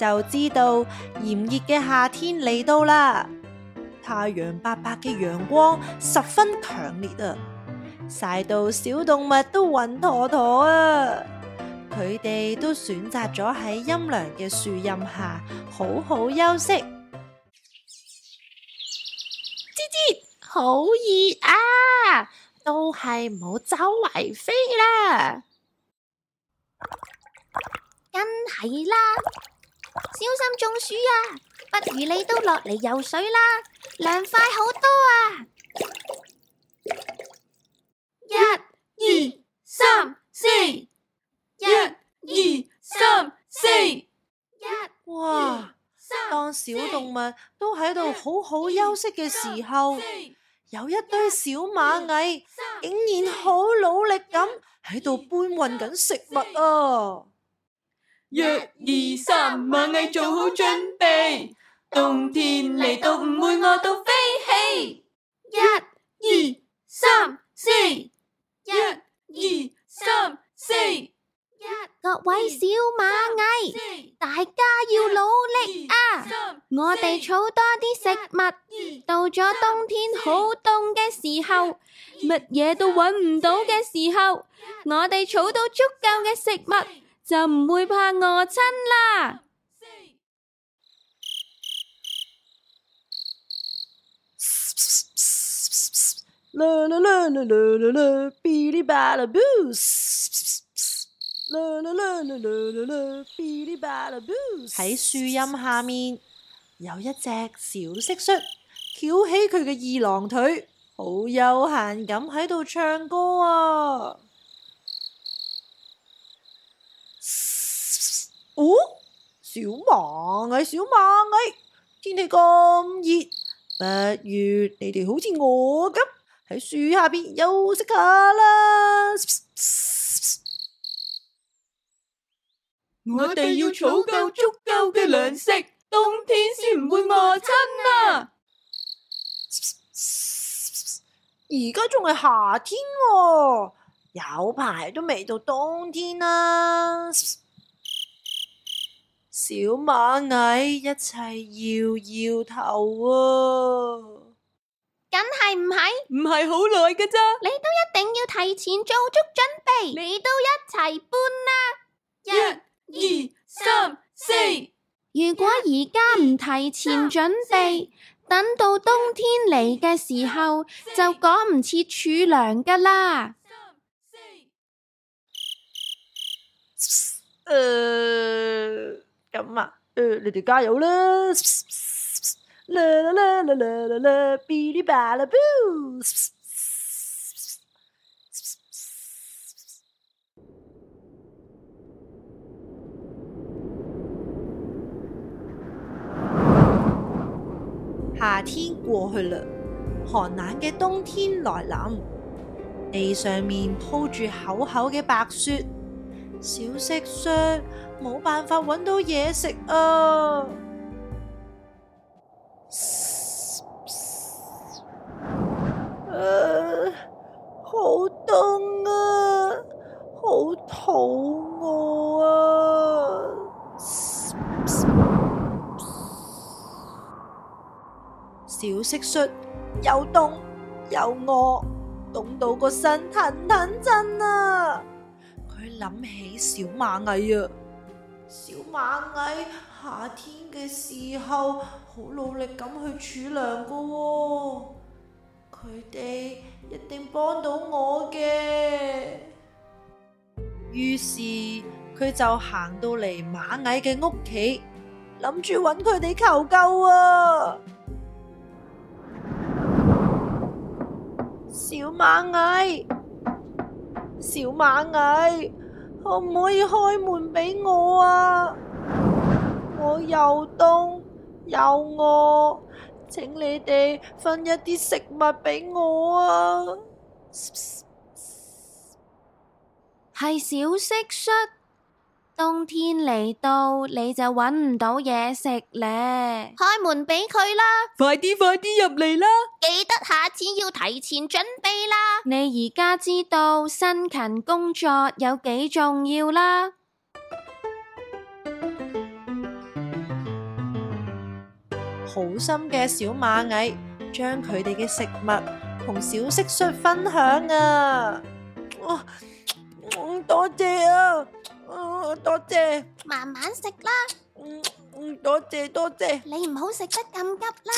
就知道炎熱嘅夏天嚟到啦，太陽伯伯嘅陽光十分強烈啊，曬到小動物都暈陀陀啊，佢哋都選擇咗喺陰涼嘅樹蔭下好好休息。吱吱，好熱啊，都係唔好周圍飛啦，真係啦。小心中暑啊！不如你都落嚟游水啦，涼快好多啊！一二三四，一,一二三四，一，哇！當小動物都喺度好好休息嘅時候，有一堆小螞蟻竟然好努力咁喺度搬運緊食物啊！一、二、三，螞蟻做好準備，冬天嚟到唔會餓到飛起。一、二、三、四，一、二、三、四，一各位小螞蟻，3, 4, 大家要努力啊！2 1, 2, 3, 4, 我哋儲多啲食物，2 1, 2, 3, 4, 到咗冬天好凍嘅時候，乜嘢都揾唔到嘅時候，2 1, 2, 3, 4, 我哋儲到足夠嘅食物。就唔會怕餓親啦。喺樹蔭下面，有一隻小蟋蟀，翹起佢嘅二郎腿，好悠閒咁喺度唱歌啊。哦，小螞蟻，小螞蟻，天氣咁熱，不如你哋好似我咁喺樹下邊休息下啦。我哋要儲夠足夠嘅糧食，冬天先唔會餓親啊。而家仲係夏天，有排都未到冬天啦。小螞蟻一齊搖搖頭喎、啊，梗係唔係？唔係好耐㗎咋？你都一定要提前做足準備。你都一齊搬啦！一、一二、三、四。如果而家唔提前準備，三等到冬天嚟嘅時候，三就趕唔切儲糧噶啦三。四。呃咁啊！誒、呃，你哋加油啦！啦啦啦啦啦啦，嗶哩吧啦！夏天過去啦，寒冷嘅冬天來臨，地上面鋪住厚厚嘅白雪。小蟋蟀冇辦法搵到嘢食啊！呃、好凍啊，好肚餓啊！小蟋蟀又凍又餓，凍到個身騰騰震啊！佢諗起小螞蟻啊，小螞蟻夏天嘅時候好努力咁去儲糧㗎，佢哋一定幫到我嘅。於是佢就行到嚟螞蟻嘅屋企，諗住揾佢哋求救啊！小螞蟻。小螞蟻，可唔可以開門畀我啊？我又凍又餓，請你哋分一啲食物畀我啊。係小蟋蟀。冬天嚟到，你就揾唔到嘢食咧。開門俾佢啦！快啲，快啲入嚟啦！記得下次要提前準備啦。你而家知道辛勤工作有幾重要啦。好心嘅小螞蟻將佢哋嘅食物同小蟋蟀分享啊！哇、哦，多謝啊！哦，多謝，慢慢食啦。嗯嗯，多謝多謝。你唔好食得咁急啦。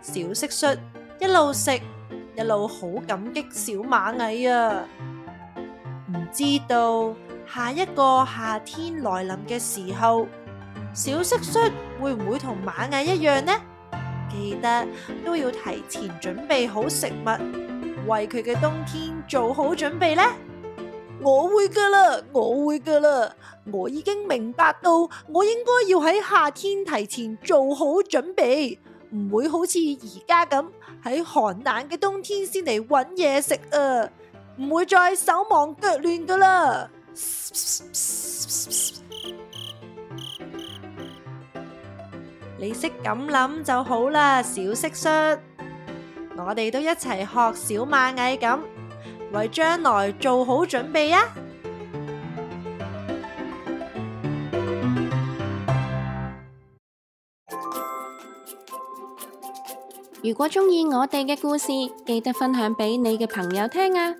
小蟋蟀一路食，一路好感激小螞蟻啊。唔知道下一個夏天來臨嘅時候。小蟋蟀會唔會同螞蟻一樣呢？記得都要提前準備好食物，為佢嘅冬天做好準備呢。我會噶啦，我會噶啦，我已經明白到我應該要喺夏天提前做好準備，唔會好似而家咁喺寒冷嘅冬天先嚟搵嘢食啊，唔會再手忙腳亂噶啦。嘶嘶嘶嘶嘶嘶嘶你識咁諗就好啦，小蟋蟀。我哋都一齊學小螞蟻咁，為將來做好準備啊！如果中意我哋嘅故事，記得分享俾你嘅朋友聽啊！